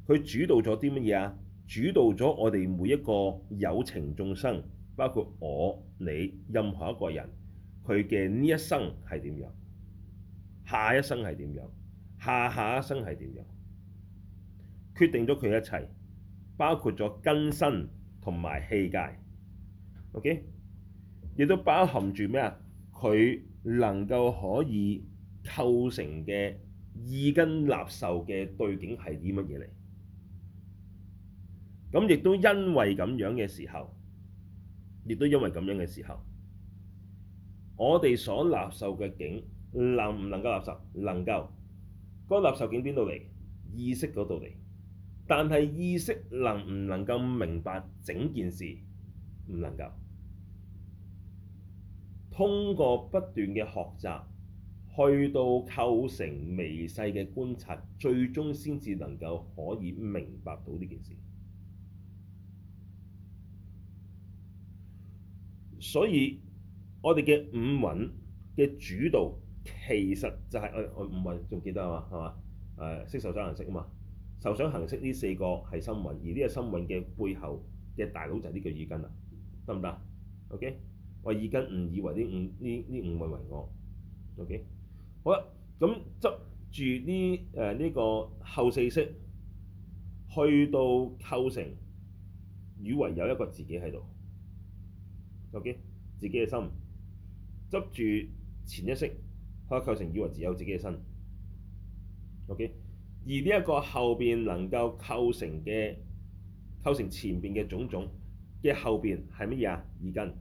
佢主導咗啲乜嘢啊？主導咗我哋每一個有情眾生，包括我、你任何一個人，佢嘅呢一生係點樣？下一生係點樣？下下一生係點樣？決定咗佢一切，包括咗根身同埋器界。OK，亦都包含住咩啊？佢能夠可以構成嘅意根納受嘅對境係啲乜嘢嚟？咁亦都因為咁樣嘅時候，亦都因為咁樣嘅時候，我哋所納受嘅境能唔能夠納受？能夠。嗰納受境邊度嚟？意識嗰度嚟？但係意識能唔能夠明白整件事？唔能夠。通過不斷嘅學習，去到構成微細嘅觀察，最終先至能夠可以明白到呢件事。所以我哋嘅五蘊嘅主導，其實就係、是哎、我五蘊仲記得啊嘛，係嘛？誒色受想行識啊嘛。受想行識呢四個係心蘊，而呢個心蘊嘅背後嘅大佬就係呢個意根啦，得唔得？OK，我意根誤以為呢五呢呢五蘊為我，OK，好啦，咁執住呢誒呢個後四識，去到構成以為有一個自己喺度，OK，自己嘅心執住前一識，佢構成以為自己有自己嘅身，OK。而呢一個後邊能夠構成嘅構成前邊嘅種種嘅後邊係乜嘢啊？耳根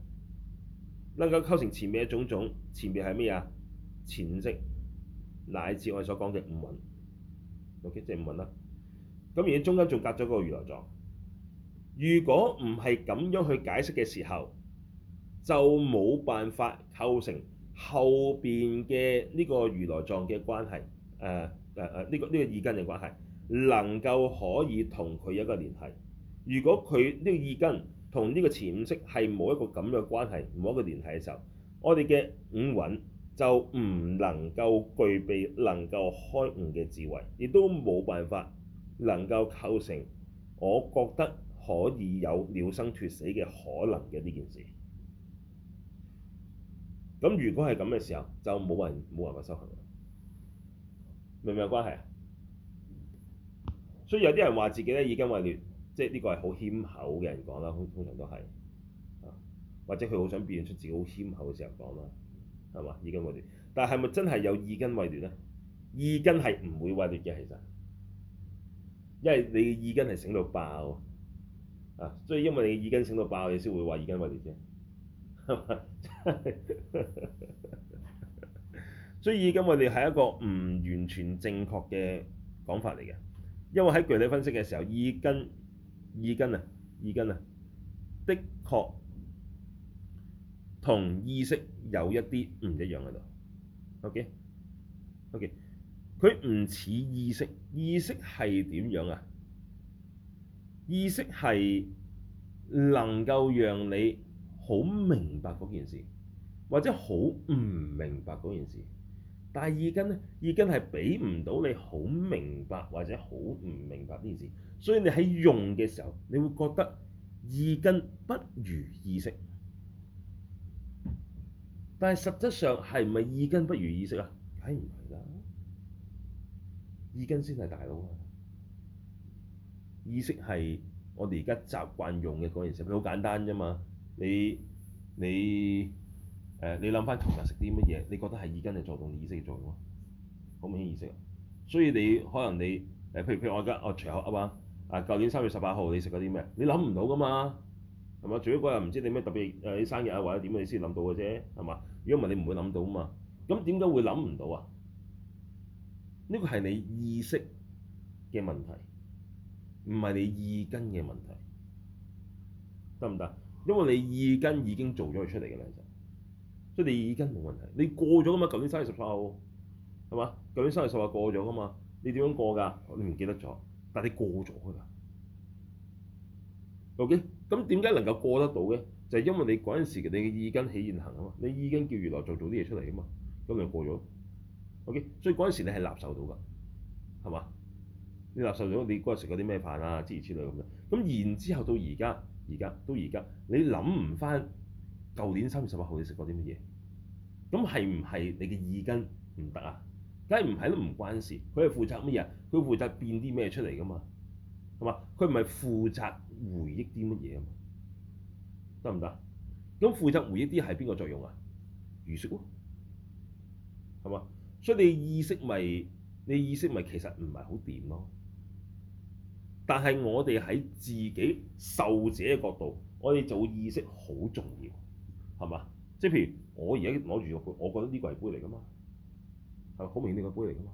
能夠構成前面嘅種種，前面係乜嘢啊？前色，乃至我哋所講嘅五蘊，OK，即係五蘊啦。咁而家中間仲隔咗個如來藏。如果唔係咁樣去解釋嘅時候，就冇辦法構成後邊嘅呢個如來藏嘅關係，誒、呃。誒誒，呢個呢個意根嘅關係，能夠可以同佢一個聯繫。如果佢呢個意根同呢個前五識係冇一個咁樣嘅關係，冇一個聯繫嘅時候，我哋嘅五蘊就唔能夠具備能夠開悟嘅智慧，亦都冇辦法能夠構成我覺得可以有了生脫死嘅可能嘅呢件事。咁如果係咁嘅時候，就冇人冇辦法修行。明明有關係啊，所以有啲人話自己咧意根慧劣，即係呢個係好謙厚嘅人講啦，通常都係或者佢好想表現出自己好謙厚嘅時候講啦，係嘛？意根慧劣，但係咪真係有意根慧劣呢？意根係唔會慧劣嘅，其實，因為你嘅意根係醒到爆啊，所以因為你嘅意根醒到爆，你先會話意根慧劣啫，係嘛？ 所以意根我哋係一個唔完全正確嘅講法嚟嘅，因為喺具體分析嘅時候，意根，意根啊，意根啊，的確，同意識有一啲唔一樣喺度。OK OK，佢唔似意識，意識係點樣啊？意識係能夠讓你好明白嗰件事，或者好唔明白嗰件事。但係意根呢，意根係俾唔到你好明白或者好唔明白呢件事。所以你喺用嘅時候，你會覺得意根不如意識。但係實質上係唔係意根不如意識啊？梗唔係啦，意根先係大佬啊，意識係我哋而家習慣用嘅嗰件事，佢好簡單啫嘛，你你。誒，你諗翻琴日食啲乜嘢？你覺得係意根嚟作動，意識嚟做動啊？好明顯意識啊！所以你可能你誒，譬如譬如我而家我隨口啊嘛啊，舊年三月十八號你食過啲咩？你諗唔到噶嘛，係嘛？除非嗰日唔知你咩特別誒啲、呃、生日啊或者點你先諗到嘅啫，係嘛？如果唔係你唔會諗到啊嘛。咁點解會諗唔到啊？呢個係你意識嘅問題，唔係你意根嘅問題，得唔得？因為你意根已經做咗佢出嚟嘅啦。所以你意根冇問題，你過咗噶嘛？舊年三月十八號係嘛？舊年三月十八過咗噶嘛？你點樣過㗎？你唔記得咗，但係你過咗㗎。O.K.，咁點解能夠過得到嘅？就係、是、因為你嗰陣時嘅你嘅意根起現行啊嘛，你意根叫如來做做啲嘢出嚟啊嘛，咁就過咗。O.K.，所以嗰陣時你係納受到㗎，係嘛？你納受到你嗰日食過啲咩飯啊？諸如此類咁樣。咁然之後到而家，而家到而家，你諗唔翻舊年三月十八號你食過啲乜嘢？咁係唔係你嘅意根唔得啊？梗係唔係都唔關事。佢係負責乜嘢啊？佢負責變啲咩出嚟㗎嘛？係嘛？佢唔係負責回憶啲乜嘢啊？得唔得？咁負責回憶啲係邊個作用啊？預識喎，係嘛？所以你意識咪、就是、你意識咪其實唔係好掂咯。但係我哋喺自己受者嘅角度，我哋做意識好重要，係嘛？即係譬如。我而家攞住個杯，我覺得呢個係杯嚟噶嘛，係好明顯呢個杯嚟噶嘛。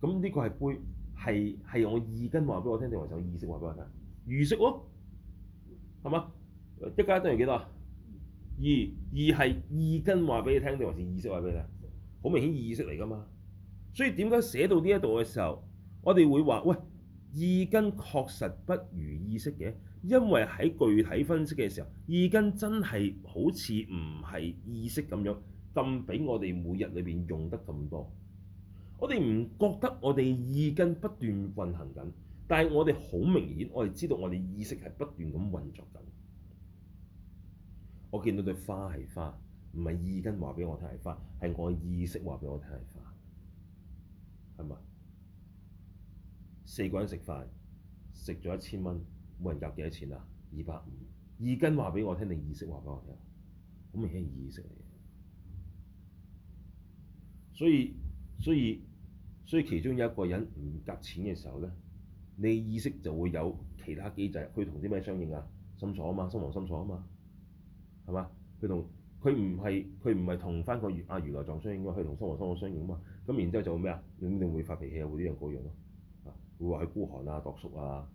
咁呢個係杯，係用我意根話俾我聽定還是我意識話俾我聽？意識喎，係嘛？一加一等於幾多啊？二二係意根話俾你聽定還是意識話俾你聽？好明顯意識嚟噶嘛。所以點解寫到呢一度嘅時候，我哋會話喂，意根確實不如意識嘅，因為喺具體分析嘅時候，意根真係好似唔係意識咁樣，咁俾我哋每日裏邊用得咁多。我哋唔覺得我哋意根不斷運行緊，但係我哋好明顯，我哋知道我哋意識係不斷咁運作緊。我見到對花係花，唔係意根話俾我聽係花，係我意識話俾我聽係花，係咪？四個人食飯，食咗一千蚊，每人夾幾多錢啊？二百五，意根話畀我聽定意識話畀我聽？咁咪係意識嚟嘅。所以所以所以其中有一個人唔夾錢嘅時候咧，你意識就會有其他機制，佢同啲咩相應啊？心所啊嘛，心王心所啊嘛，係嘛？佢同佢唔係佢唔係同返個阿如來藏相應啊，佢同心王心所相應啊嘛。咁然之後就咩啊？你會發脾氣啊，會呢樣嗰樣咯。會話佢孤寒啊、惰縮啊、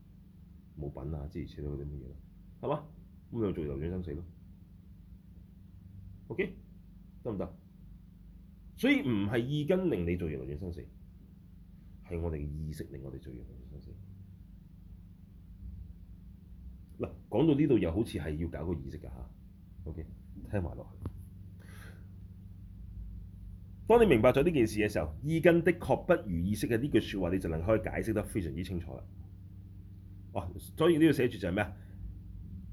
冇品啊之如此類嗰啲乜嘢咯，係嘛吧？咁樣做就流轉生死咯。OK，得唔得？所以唔係意根令你做流轉生死，係我哋嘅意識令我哋做流轉生死。嗱，講到呢度又好似係要搞個意識㗎吓，OK，聽埋落去。當你明白咗呢件事嘅時候，意根的確不如意識嘅呢句説話，你就能可以解釋得非常之清楚啦。哇！所以呢度寫住就係咩啊？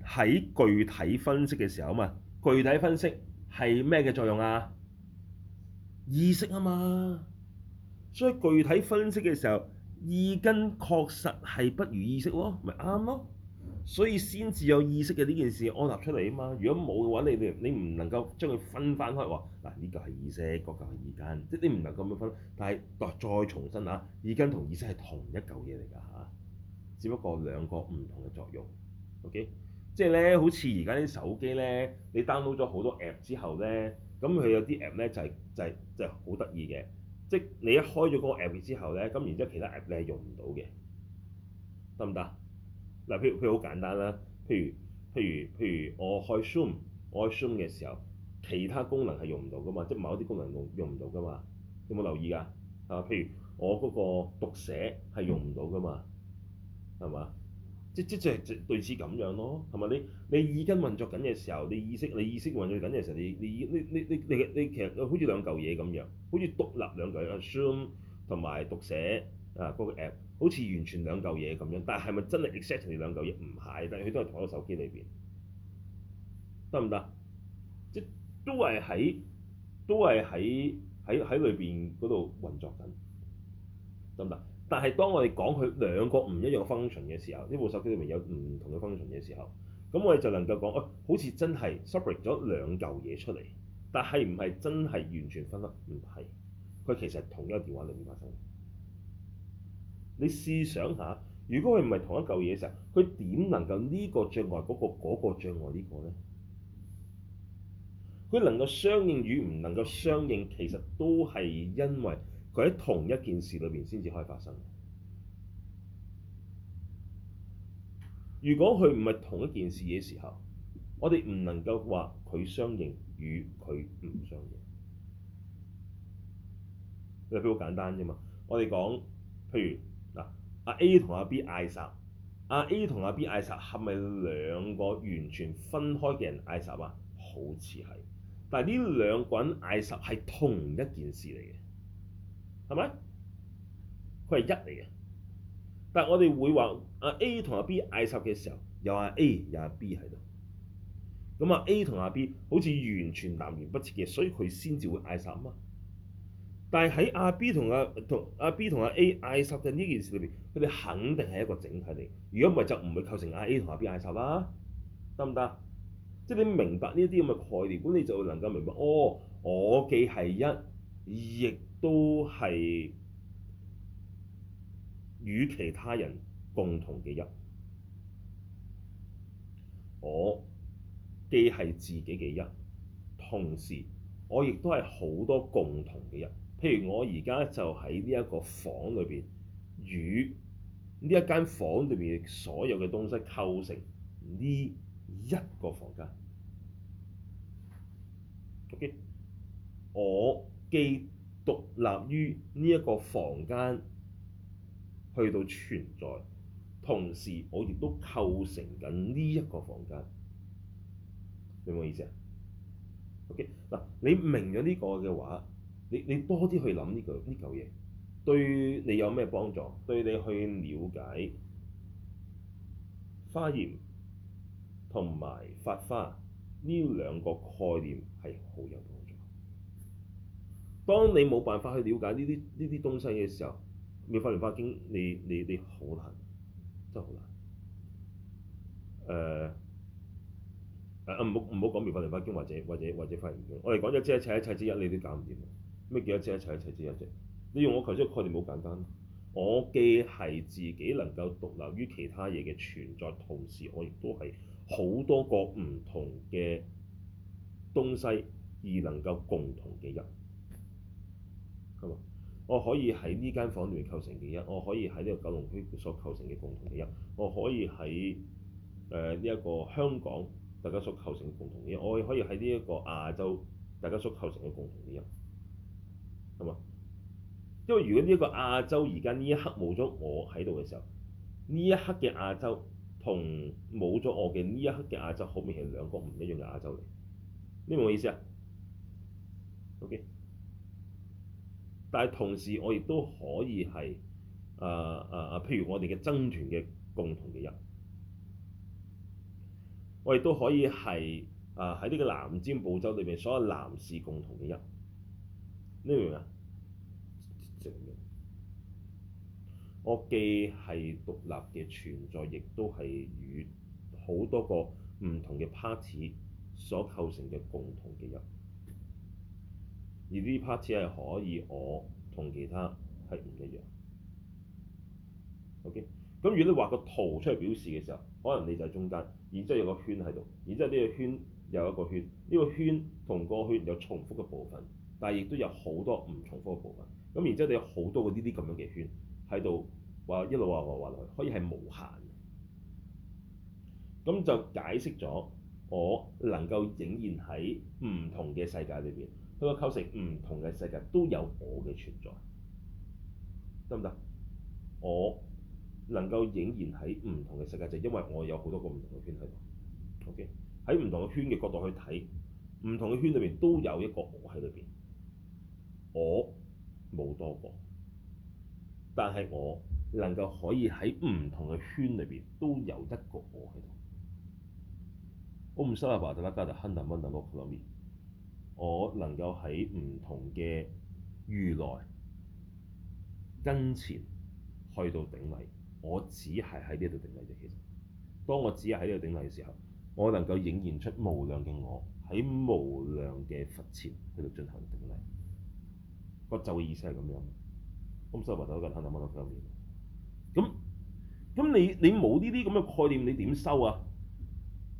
喺具體分析嘅時候啊嘛，具體分析係咩嘅作用啊？意識啊嘛，所以具體分析嘅時候，意根確實係不如意識喎，咪啱咯。所以先至有意識嘅呢件事安立出嚟啊嘛！如果冇嘅話，你哋你唔能夠將佢分翻開喎。嗱，呢個係意識，嗰個係耳根，即係你唔能夠咁樣分。但係再重新嚇，耳根同意識係同一嚿嘢嚟㗎吓，只不過兩個唔同嘅作用。OK，即係咧，好似而家啲手機咧，你 download 咗好多 app 之後咧，咁佢有啲 app 咧就係就係就係好得意嘅。即係你一開咗嗰個 app 之後咧，咁然之後其他 app 你係用唔到嘅，得唔得？嗱，譬如譬如好簡單啦，譬如譬如譬如我開 Zoom，我開 Zoom 嘅時候，其他功能係用唔到噶嘛，即係某啲功能用用唔到噶嘛，有冇留意啊？啊，譬如我嗰個讀寫係用唔到噶嘛，係嘛、嗯？即即即係對此咁樣咯，係咪？你你耳根運作緊嘅時候，你意識你意識運作緊嘅時候，你你你你你你，你其實好似兩嚿嘢咁樣，好似獨立兩嚿嘢 Zoom 同埋讀寫啊嗰個 app。好似完全兩嚿嘢咁樣，但係係咪真係 exactly 兩嚿嘢？唔係，但係佢都係同一個手機裏邊，得唔得？即都係喺，都係喺喺喺裏邊嗰度運作緊，得唔得？但係當我哋講佢兩個唔一樣嘅 function 嘅時候，呢部手機裏面有唔同嘅 function 嘅時候，咁我哋就能夠講，誒、哎、好似真係 separate 咗兩嚿嘢出嚟，但係唔係真係完全分得？唔係，佢其實同一個電話裏面發生。你試想下，如果佢唔係同一嚿嘢嘅時候，佢點能夠呢個障礙嗰個嗰個障礙呢個呢？佢能夠相應與唔能夠相應，其實都係因為佢喺同一件事裏邊先至可以發生。如果佢唔係同一件事嘅時候，我哋唔能夠話佢相應與佢唔相應。例子好簡單啫嘛，我哋講譬如。阿 A 同阿 B 嗌十，阿 A 同阿 B 嗌十係咪兩個完全分開嘅人嗌十啊？好似係，但係呢兩個人嗌十係同一件事嚟嘅，係咪？佢係一嚟嘅，但係我哋會話阿 A 同阿 B 嗌十嘅時候，有阿 A 有阿 B 喺度，咁啊 A 同阿 B 好似完全南轅北轍嘅，所以佢先至會嗌十啊嘛。但係喺阿 B 同阿同阿 B 同阿 A 嗌十嘅呢件事裏邊，佢哋肯定係一個整體嚟。如果唔係就唔會構成阿 A 同阿 B 嗌十啦，得唔得？即係你明白呢啲咁嘅概念，咁你就能夠明白。哦，我既係一，亦都係與其他人共同嘅一。我既係自己嘅一，同時我亦都係好多共同嘅一。譬如我而家就喺呢一個房裏邊，與呢一間房裏邊所有嘅東西構成呢一個房間。O.K. 我既獨立於呢一個房間去到存在，同時我亦都構成緊呢一個房間。明唔明意思啊？O.K. 呢，你明咗呢個嘅話。你你多啲去諗呢個呢嚿嘢，對你有咩幫助？對你去了解花葉同埋發花呢兩個概念係好有幫助。當你冇辦法去了解呢啲呢啲東西嘅時候，妙法蓮花經你你你好難，真係好難。誒誒啊！唔好唔好講妙法蓮花經，或者或者或者花葉經。我哋講一知一切、一切、一切之一，你都搞唔掂。咩叫一隻一齊一齊一一隻？你用我頭先個概念好簡單。我既係自己能夠獨立於其他嘢嘅存在，同時我亦都係好多個唔同嘅東西而能夠共同嘅一，係嘛？我可以喺呢間房裏構成嘅一，我可以喺呢個九龍區所構成嘅共同嘅一，我可以喺誒呢一個香港大家所構成嘅共同嘅一，我可以喺呢一個亞洲大家所構成嘅共同嘅一。係嘛？因為如果呢個亞洲而家呢一刻冇咗我喺度嘅時候，呢一刻嘅亞洲同冇咗我嘅呢一刻嘅亞洲，好明顯係兩個唔一樣嘅亞洲嚟。你明我意思啊？OK。但係同時，我亦都可以係啊啊啊，譬如我哋嘅爭團嘅共同嘅人，我亦都可以係啊喺呢個南美洲裏邊所有男士共同嘅人。你明唔明啊？我既係獨立嘅存在，亦都係與好多個唔同嘅 part 所構成嘅共同嘅人。而呢 part 係可以我同其他係唔一樣。OK，咁如果你畫個圖出嚟表示嘅時候，可能你就係中間，然之後有個圈喺度，然之後呢個圈又一個圈，呢個圈同個圈有重複嘅部分。但係亦都有好多唔重複嘅部分，咁然之後你有好多個呢啲咁樣嘅圈喺度，話一路話話話落去，可以係無限。咁就解釋咗我能夠仍然喺唔同嘅世界裏邊佢個構成唔同嘅世界，都有我嘅存在，得唔得？我能夠仍然喺唔同嘅世界，就是因為我有好多個唔同嘅圈喺度。OK，喺唔同嘅圈嘅角度去睇，唔同嘅圈裏邊都有一個我喺裏邊。我冇多個，但係我能夠可以喺唔同嘅圈裏邊都有一個我喺度。我唔識阿爸、阿媽、阿爸、阿媽、阿媽、阿媽、阿媽、阿媽、阿媽、阿媽、阿媽、阿媽、阿媽、阿媽、阿媽、阿媽、阿媽、阿媽、阿媽、阿媽、阿媽、阿媽、阿媽、阿媽、阿媽、阿媽、阿媽、阿媽、阿媽、阿媽、阿媽、阿媽、阿媽、阿媽、阿媽、阿媽、阿不就嘅意思係咁樣，咁修佛就係喺度揾到概念。咁咁你你冇呢啲咁嘅概念，你點收啊？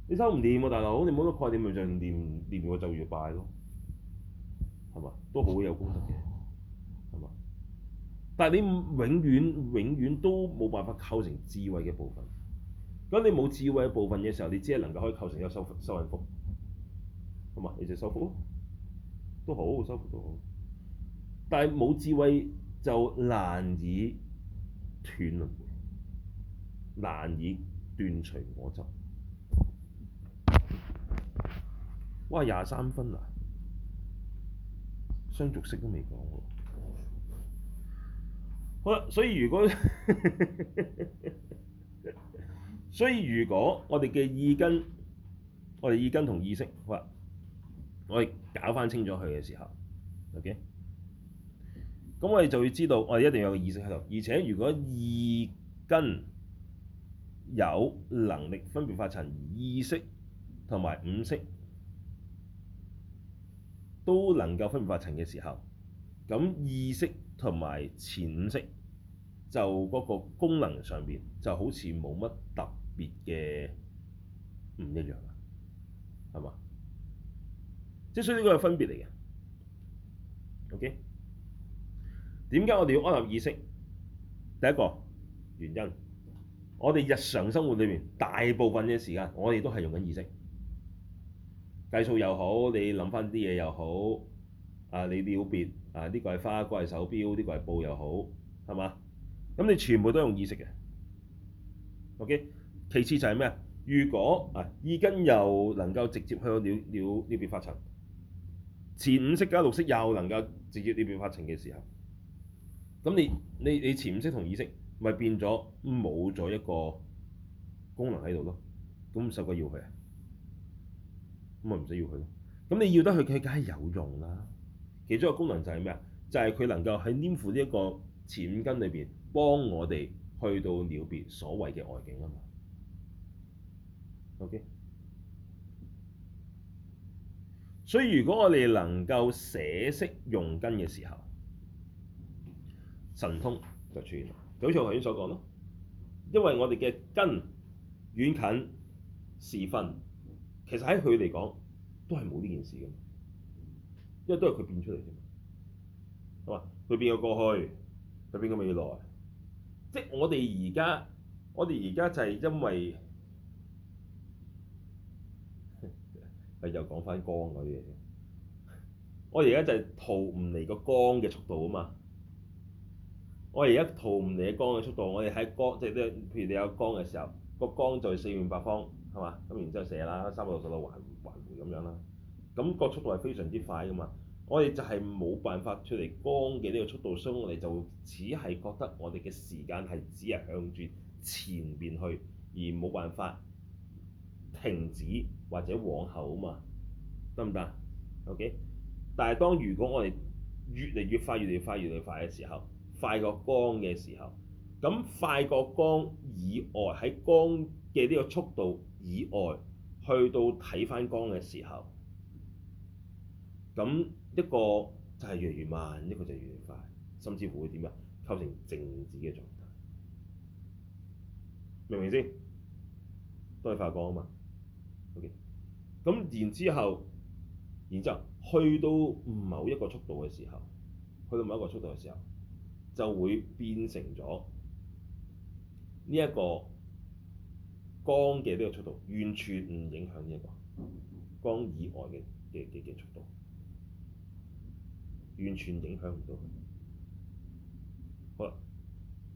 你收唔掂啊，大佬！你冇咗概念咪就念念個咒語拜咯，係嘛？都好有功德嘅，係嘛？但係你永遠永遠都冇辦法構成智慧嘅部分。咁你冇智慧嘅部分嘅時候，你只係能夠可以構，構，構成一個修修人福，係嘛？你就修福咯，都好，修福都好。但係冇智慧就難以斷論，難以斷除我執。哇，廿三分啊，雙續式都未講喎。好啦，所以如果， 所以如果我哋嘅意根，我哋意根同意識，好啦，我哋搞翻清楚佢嘅時候，ok。咁我哋就要知道，我哋一定要有一個意識喺度。而且如果意根有能力分別法塵，意識同埋五識都能夠分別法塵嘅時候，咁意識同埋前五識就嗰個功能上面就好似冇乜特別嘅唔一樣啦，係嘛？即係所以呢個係分別嚟嘅，OK。點解我哋要安立意識？第一個原因，我哋日常生活裏面大部分嘅時間，我哋都係用緊意識，計數又好，你諗翻啲嘢又好，啊你了別啊呢個係花，嗰個係手錶，呢個係布又好，係嘛？咁你全部都用意識嘅。OK，其次就係咩啊？如果啊耳根又能夠直接去了了呢邊發情，前五色加六色又能夠直接呢邊發情嘅時候。咁你你你潛意識同意識，咪變咗冇咗一個功能喺度咯？咁唔使要佢啊，咁咪唔使要佢咯。咁你要得佢梗係有用啦。其中一個功能就係咩啊？就係佢能夠喺黏附呢一個潛根裏邊，幫我哋去到了別所謂嘅外境啊嘛。OK，所以如果我哋能夠捨識用根嘅時候，神通就出現，就好似我頭先所講咯。因為我哋嘅根遠近時分，其實喺佢嚟講都係冇呢件事㗎嘛，因為都係佢變出嚟啫嘛。係嘛，佢變咗過去，佢變咗未來，即係我哋而家，我哋而家就係因為係 又講翻光嗰啲嘢，我哋而家就係逃唔嚟個光嘅速度啊嘛。我而家逃唔離光嘅速度，我哋喺光即係譬如你有光嘅時候，個光在四面八方係嘛，咁然之後射啦，三百六十度環環咁樣啦，咁、這個速度係非常之快噶嘛。我哋就係冇辦法出嚟光嘅呢個速度，所以我哋就只係覺得我哋嘅時間係只係向住前邊去，而冇辦法停止或者往後啊嘛，得唔得？OK，但係當如果我哋越嚟越快、越嚟越快、越嚟越快嘅時候，快過光嘅時候，咁快過光以外，喺光嘅呢個速度以外，去到睇翻光嘅時候，咁一個就係越嚟越慢，一個就係越嚟越快，甚至乎會點啊？構成靜止嘅狀態，明唔明先？都係發光啊嘛。OK，咁然之後，然之後去到某一個速度嘅時候，去到某一個速度嘅時候。就會變成咗呢一個光嘅呢個速度，完全唔影響呢一個光以外嘅嘅嘅嘅速度，完全影響唔到佢。好啦，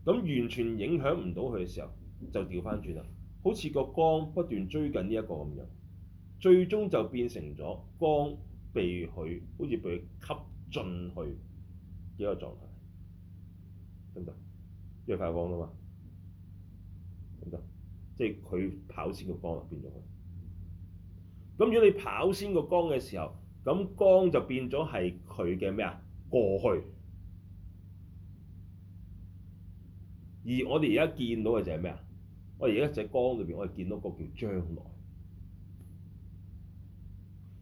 咁完全影響唔到佢嘅時候，就調翻轉啦，好似個光不斷追緊呢一個咁樣，最終就變成咗光被佢，好似被佢吸進去嘅一個狀態。咁得唔得？因為快光啊嘛，咁得唔得？即係佢跑先個光啊，變咗佢。咁如果你跑先個光嘅時候，咁光就變咗係佢嘅咩啊？過去。而我哋而家見到嘅就係咩啊？我而家喺光裏邊，我哋見到個叫將來。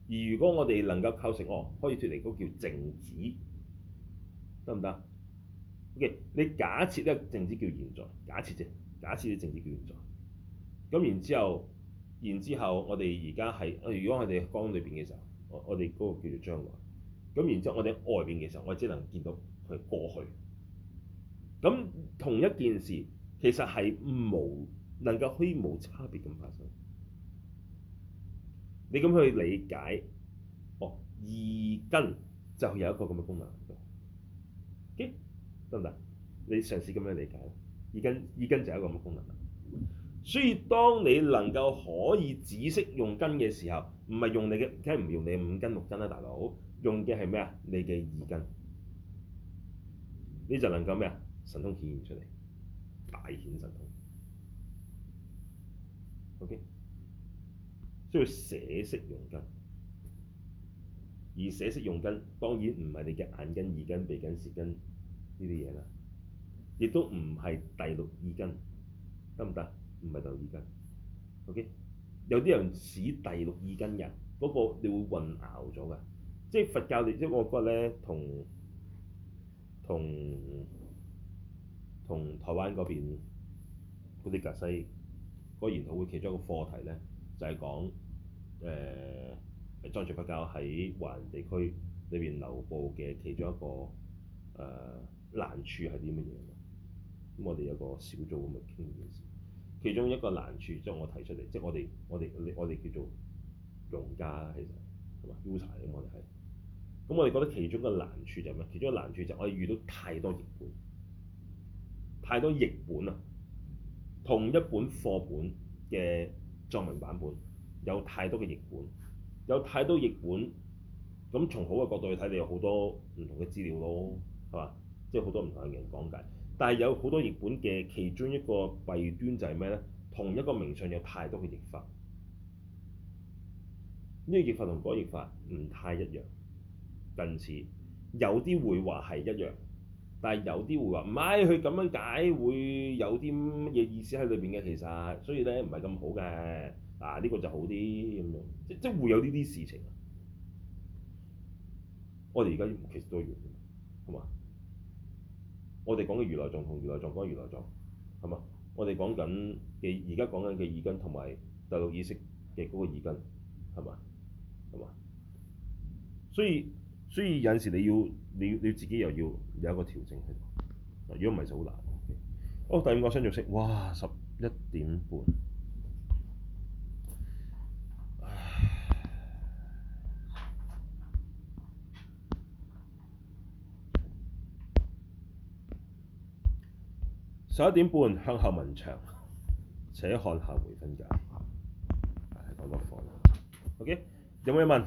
而如果我哋能夠構成哦，可以脫離個叫靜止，得唔得？Okay. 你假設咧，靜止叫現在，假設啫，假設你靜止叫現在。咁然之後，然之後，我哋而家係，如果我哋喺缸裏邊嘅時候，我我哋嗰個叫做將來。咁然之後，我哋喺外邊嘅時候，我只能見到佢過去。咁同一件事其實係冇能夠可以冇差別咁發生。你咁去理解，哦，意根就有一個咁嘅功能。o、okay. 得唔得？你嘗試咁樣理解耳根，耳根就係一個咁嘅功能？所以當你能夠可以捨識用根嘅時候，唔係用你嘅，梗係唔用你嘅五根六根啦、啊，大佬，用嘅係咩啊？你嘅耳根，你就能夠咩啊？神通顯現出嚟，大顯神通。OK，需要捨識用根，而捨識用根當然唔係你嘅眼根、耳根、鼻根、舌根。呢啲嘢啦，亦都唔係第六意根，得唔得？唔係第六意根。OK，有啲人指第六意根人，嗰、嗰個你會混淆咗㗎。即係佛教，你即我覺得咧，同同同台灣嗰邊嗰啲格西嗰個研討會其中一個課題咧，就係、是、講誒、呃、藏傳佛教喺華人地區裏邊流布嘅其中一個誒。呃難處係啲乜嘢？咁我哋有個小組咁嚟傾呢件事。其中一個難處即係我提出嚟，即、就、係、是、我哋我哋我哋叫做用家其實係嘛 user 我哋係。咁我哋覺得其中嘅難處就係咩？其中嘅難處就係我哋遇到太多譯本，太多譯本啊！同一本課本嘅作文版本有太多嘅譯本，有太多譯本咁。本從好嘅角度去睇，你有好多唔同嘅資料咯，係嘛？即係好多唔同嘅人講解，但係有好多譯本嘅其中一個弊端就係咩咧？同一個名稱有太多嘅譯法，呢、這個譯法同嗰個譯法唔太一樣。近似有啲會話係一樣，但係有啲會話唔係佢咁樣解，會有啲乜嘢意思喺裏邊嘅。其實所以咧，唔係咁好嘅嗱，呢、啊這個就好啲咁樣，即即會有呢啲事情。嗯、我哋而家其實都用，係嘛？我哋講嘅如來藏同如來藏講嘅如來藏，係嘛？我哋講緊嘅而家講緊嘅意根同埋第六意識嘅嗰個意根，係嘛？係嘛？所以所以有陣時你要你要你，要你自己又要有一個調整，係嘛？啊，如果唔係就好難。Okay. 哦，第五個新座色，哇，十一點半。十一點半向後聞牆，且看下回分解。Okay? 有冇人問？